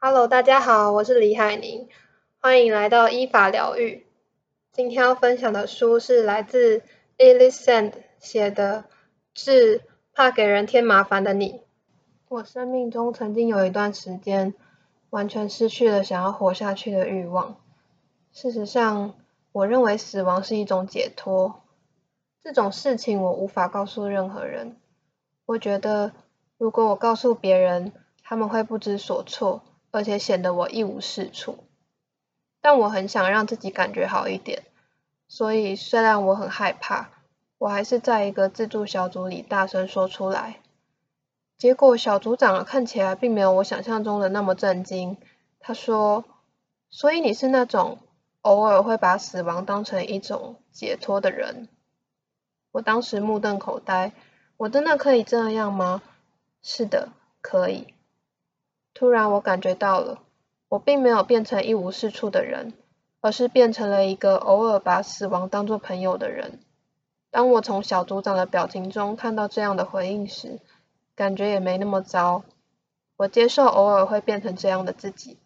Hello，大家好，我是李海寧，歡迎來到依法療癒。今天要分享的書是來自 Elyse Sand 寫的《致怕給人添麻煩的你》。我生命中曾經有一段時間，完全失去了想要活下去的慾望。事實上，我認為死亡是一種解脫。這種事情我無法告訴任何人。我覺得，如果我告訴別人，他們會不知所措，而且顯得我一無是處。但我很想讓自己感覺好一點，所以雖然我很害怕，我還是在一個自助小組裡大聲說出來。結果小組長看起來並沒有我想象中的那麼震驚。他說：“所以你是那種偶爾會把死亡當成一種解脫的人。”我當時目瞪口呆，我真的可以這樣嗎？是的，可以。突然，我感覺到了，我並沒有變成一無是處的人，而是變成了一個偶爾把死亡當做朋友的人。當我從小組長的表情中看到這樣的回應時，感覺也沒那麼糟。我接受偶爾會變成這樣的自己，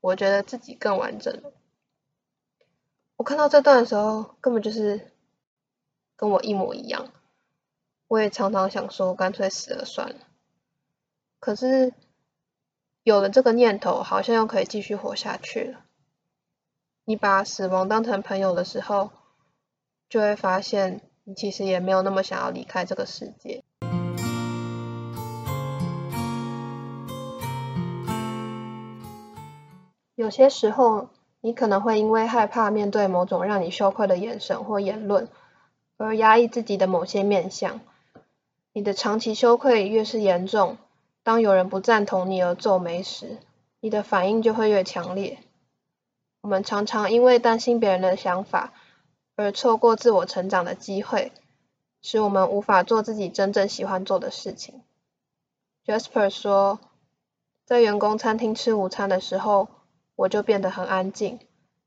我覺得自己更完整了。我看到這段的時候，根本就是。跟我一模一樣，我也常常想說，乾脆死了算了。可是有了這個念頭，好像又可以繼續活下去了。你把死亡當成朋友的時候，就會發現你其實也沒有那麼想要離開這個世界。有些時候，你可能會因為害怕面對某種讓你羞愧的眼神或言論。而壓抑自己的某些面向。你的長期羞愧越是嚴重，當有人不贊同你而皺眉時，你的反應就會越強烈。我們常常因為擔心別人的想法而錯過自我成長的機會，使我們無法做自己真正喜歡做的事情。Jasper 說，在員工餐廳吃午餐的時候，我就變得很安靜，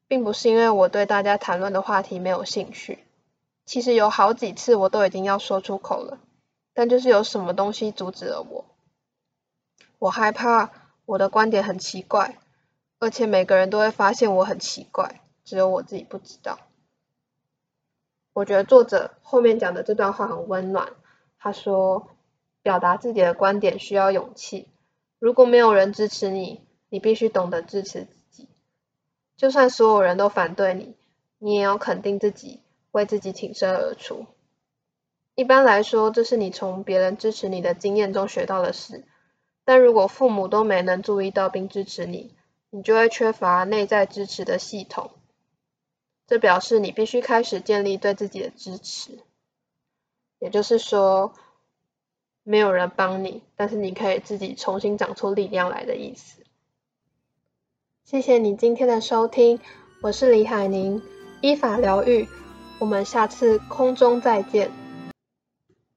並不是因為我對大家談論的話題沒有興趣。其實有好幾次我都已經要說出口了，但就是有什麼東西阻止了我。我害怕我的觀點很奇怪，而且每個人都會發現我很奇怪，只有我自己不知道。我覺得作者後面講的這段話很溫暖，他說：“表達自己的觀點需要勇氣。如果沒有人支持你，你必須懂得支持自己。就算所有人都反對你，你也要肯定自己。”為自己挺身而出。一般來說，這是你從別人支持你的經驗中學到的事。但如果父母都沒能注意到並支持你，你就會缺乏內在支持的系統。這表示你必須開始建立對自己的支持，也就是說，沒有人幫你，但是你可以自己重新長出力量來的意思。謝謝你今天的收聽，我是李海寧，依法療癒。我們下次空中再見。